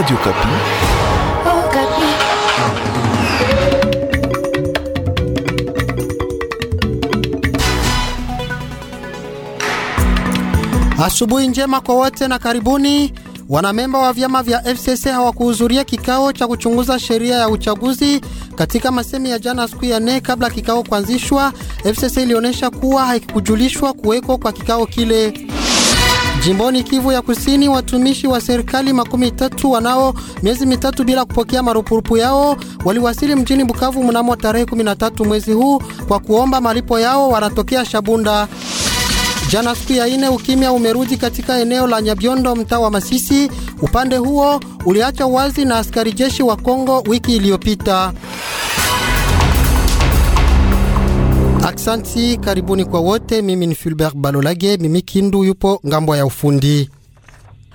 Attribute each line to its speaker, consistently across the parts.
Speaker 1: Radio Kapi.
Speaker 2: Oh, Kapi.
Speaker 3: Asubuhi njema kwa wote na karibuni. Wanamemba wa vyama vya FCC hawakuhudhuria kikao cha kuchunguza sheria ya uchaguzi katika masemi ya jana siku ya nne kabla kikao kuanzishwa. FCC ilionyesha kuwa haikujulishwa kuweko kwa kikao kile. Jimboni Kivu ya Kusini, watumishi wa serikali makumi tatu wanao miezi mitatu bila kupokea marupurupu yao waliwasili mjini Bukavu mnamo tarehe 13 mwezi huu kwa kuomba malipo yao, wanatokea Shabunda. Jana siku ya ine, ukimya umerudi katika eneo la Nyabiondo, mtaa wa Masisi. Upande huo uliacha wazi na askari jeshi wa Kongo wiki iliyopita. Aksanti, karibuni kwa wote. Mimi ni Fulbert Balolage, Mimi Kindu yupo ngambo ya ufundi.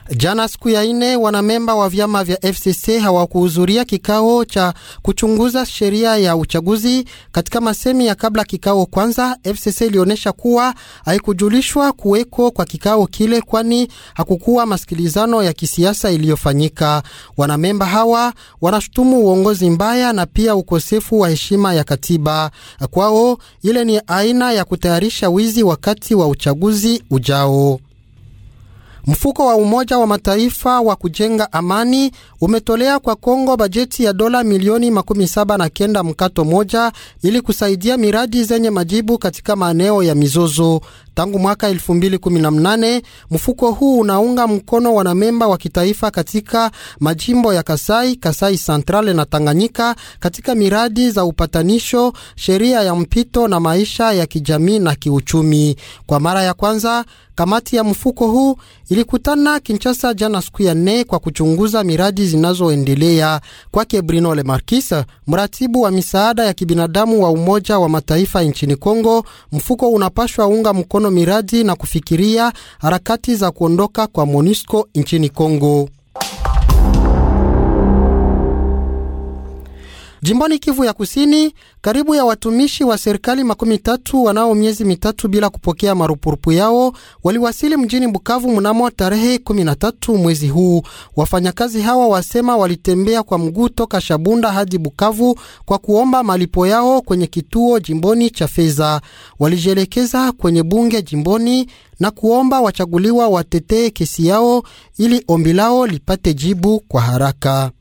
Speaker 3: Jana siku ya ine, wanamemba wa vyama vya FCC hawakuhudhuria kikao cha kuchunguza sheria ya uchaguzi. Katika masemi ya kabla kikao kwanza, FCC ilionyesha kuwa haikujulishwa kuweko kwa kikao kile, kwani hakukuwa masikilizano ya kisiasa iliyofanyika. Wanamemba hawa wanashutumu uongozi mbaya na pia ukosefu wa heshima ya katiba. Kwao ile ni aina ya kutayarisha wizi wakati wa uchaguzi ujao. Mfuko wa Umoja wa Mataifa wa kujenga amani umetolea kwa Kongo bajeti ya dola milioni makumi saba na kenda mkato moja ili kusaidia miradi zenye majibu katika maeneo ya mizozo. Tangu mwaka 2018 mfuko huu unaunga mkono wanamemba wa kitaifa katika majimbo ya Kasai, Kasai Central na Tanganyika katika miradi za upatanisho, sheria ya mpito na maisha ya kijamii na kiuchumi. Kwa mara ya kwanza kamati ya mfuko huu ilikutana Kinshasa jana siku ya nne kwa kuchunguza miradi zinazoendelea. Kwake Bruno Le Marquis, mratibu wa misaada ya kibinadamu wa Umoja wa Mataifa nchini Kongo, mfuko unapashwa unga mkono miradi na kufikiria harakati za kuondoka kwa MONUSCO nchini Kongo. Jimboni Kivu ya Kusini, karibu ya watumishi wa serikali makumi tatu wanao miezi mitatu bila kupokea marupurupu yao waliwasili mjini Bukavu mnamo tarehe 13 mwezi huu. Wafanyakazi hawa wasema walitembea kwa mguu toka Shabunda hadi Bukavu kwa kuomba malipo yao kwenye kituo jimboni cha fedha. Walijielekeza kwenye bunge jimboni na kuomba wachaguliwa watetee kesi yao ili ombi lao lipate jibu kwa haraka.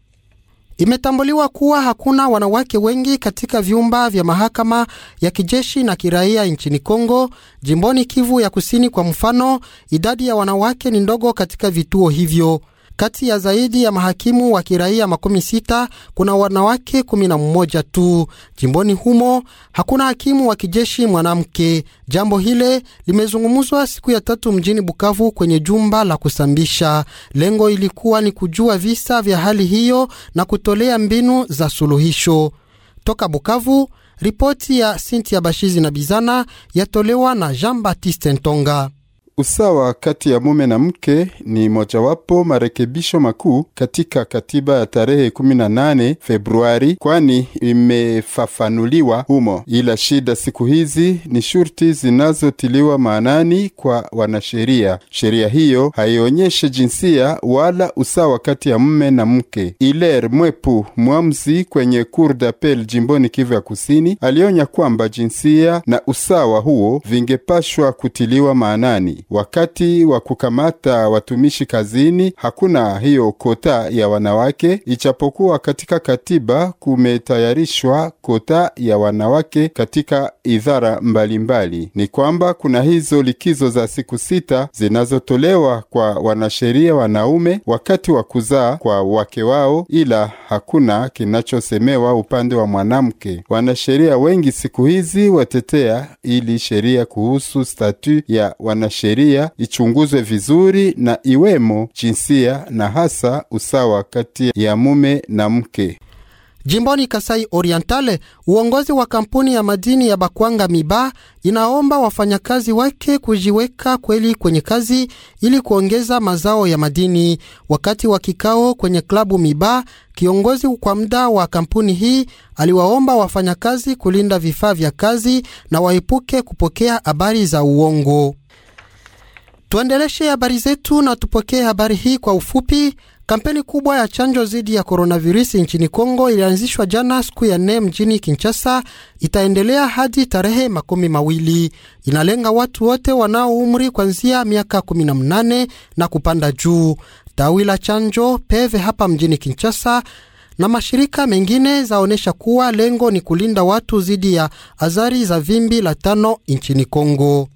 Speaker 3: Imetambuliwa kuwa hakuna wanawake wengi katika vyumba vya mahakama ya kijeshi na kiraia nchini Kongo. Jimboni Kivu ya Kusini kwa mfano, idadi ya wanawake ni ndogo katika vituo hivyo. Kati ya zaidi ya mahakimu wa kiraia makumi sita kuna wanawake kumi na mmoja tu. Jimboni humo hakuna hakimu wa kijeshi mwanamke. Jambo hile limezungumzwa siku ya tatu mjini Bukavu kwenye jumba la kusambisha. Lengo ilikuwa ni kujua visa vya hali hiyo na kutolea mbinu za suluhisho. Toka Bukavu, ripoti ya Sintia Bashizi na Bizana yatolewa na Jean Baptiste Ntonga.
Speaker 2: Usawa kati ya mume na mke ni mojawapo marekebisho makuu katika katiba ya tarehe 18 Februari, kwani imefafanuliwa humo. Ila shida siku hizi ni shurti zinazotiliwa maanani kwa wanasheria. Sheria hiyo haionyeshe jinsia wala usawa kati ya mume na mke. Iler Mwepu, mwamzi kwenye Cour d'appel jimboni Kivu ya Kusini, alionya kwamba jinsia na usawa huo vingepashwa kutiliwa maanani. Wakati wa kukamata watumishi kazini hakuna hiyo kota ya wanawake, ichapokuwa katika katiba kumetayarishwa kota ya wanawake katika idhara mbalimbali. Ni kwamba kuna hizo likizo za siku sita zinazotolewa kwa wanasheria wanaume wakati wa kuzaa kwa wake wao, ila hakuna kinachosemewa upande wa mwanamke. Wanasheria wengi siku hizi watetea ili sheria kuhusu statu ya wanasheria sheria ichunguzwe vizuri na iwemo jinsia na hasa usawa kati ya mume na mke.
Speaker 3: Jimboni Kasai Orientale, uongozi wa kampuni ya madini ya Bakwanga Miba inaomba wafanyakazi wake kujiweka kweli kwenye kazi ili kuongeza mazao ya madini. Wakati wa kikao kwenye klabu Miba, kiongozi kwa muda wa kampuni hii aliwaomba wafanyakazi kulinda vifaa vya kazi na waepuke kupokea habari za uongo. Tuendeleshe habari zetu na tupokee habari hii kwa ufupi. Kampeni kubwa ya chanjo dhidi ya koronavirusi nchini Kongo ilianzishwa jana siku ya nne mjini Kinshasa, itaendelea hadi tarehe makumi mawili. Inalenga watu wote wanao umri kuanzia miaka 18 na kupanda juu. Tawi la chanjo peve hapa mjini Kinshasa na mashirika mengine zaonyesha kuwa lengo ni kulinda watu dhidi ya athari za vimbi la tano nchini Kongo.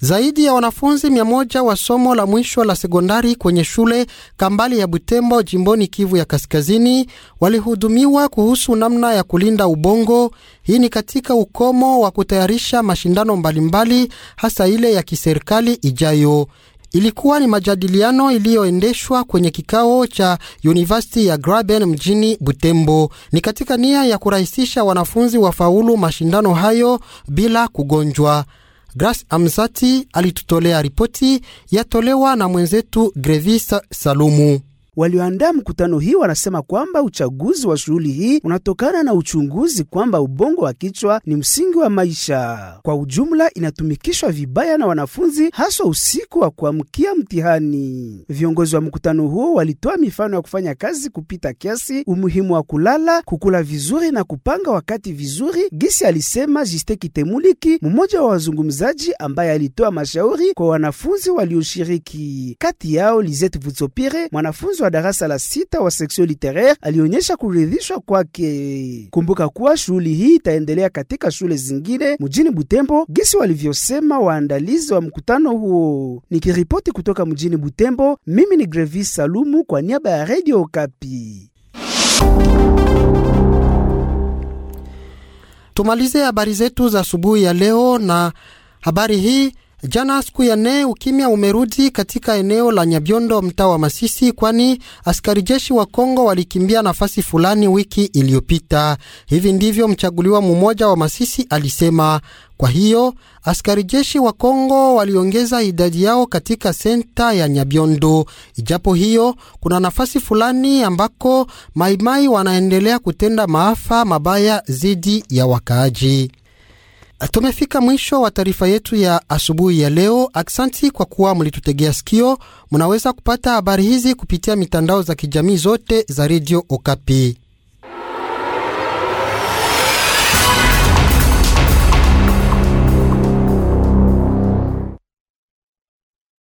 Speaker 3: Zaidi ya wanafunzi mia moja wa somo la mwisho la sekondari kwenye shule Kambali ya Butembo jimboni Kivu ya Kaskazini walihudumiwa kuhusu namna ya kulinda ubongo. Hii ni katika ukomo wa kutayarisha mashindano mbalimbali hasa ile ya kiserikali ijayo. Ilikuwa ni majadiliano iliyoendeshwa kwenye kikao cha University ya Graben mjini Butembo. Ni katika nia ya kurahisisha wanafunzi wafaulu mashindano hayo bila kugonjwa. Grace Amzati alitutolea ripoti yatolewa na
Speaker 1: mwenzetu Grevis Salumu. Walioandaa mkutano hii wanasema kwamba uchaguzi wa shughuli hii unatokana na uchunguzi kwamba ubongo wa kichwa ni msingi wa maisha. Kwa ujumla, inatumikishwa vibaya na wanafunzi, haswa usiku wa kuamkia mtihani. Viongozi wa mkutano huo walitoa mifano ya kufanya kazi kupita kiasi, umuhimu wa kulala, kukula vizuri na kupanga wakati vizuri, gisi alisema Jiste Kitemuliki, mmoja wa wazungumzaji ambaye alitoa mashauri kwa wanafunzi walioshiriki, kati yao Lizet Vutsopire, mwanafunzi wa darasa la sita wa seksio literaire alionyesha kuridhishwa kwake. Kumbuka kuwa shughuli hii itaendelea katika shule zingine mjini Butembo, gisi walivyosema waandalizi wa mkutano huo. Nikiripoti kutoka mjini Butembo, mimi ni Grevi Salumu kwa niaba ya Radio Okapi. Tumalize habari zetu za asubuhi ya
Speaker 3: leo na habari hii Jana siku ya nne, ukimya umerudi katika eneo la Nyabiondo, mtaa wa Masisi, kwani askari jeshi wa Kongo walikimbia nafasi fulani wiki iliyopita. Hivi ndivyo mchaguliwa mmoja wa Masisi alisema. Kwa hiyo askari jeshi wa Kongo waliongeza idadi yao katika senta ya Nyabiondo. Ijapo hiyo, kuna nafasi fulani ambako maimai wanaendelea kutenda maafa mabaya dhidi ya wakaaji. Tumefika mwisho wa taarifa yetu ya asubuhi ya leo. Aksanti kwa kuwa mlitutegea sikio. Mnaweza kupata habari hizi kupitia mitandao za kijamii zote za redio Okapi.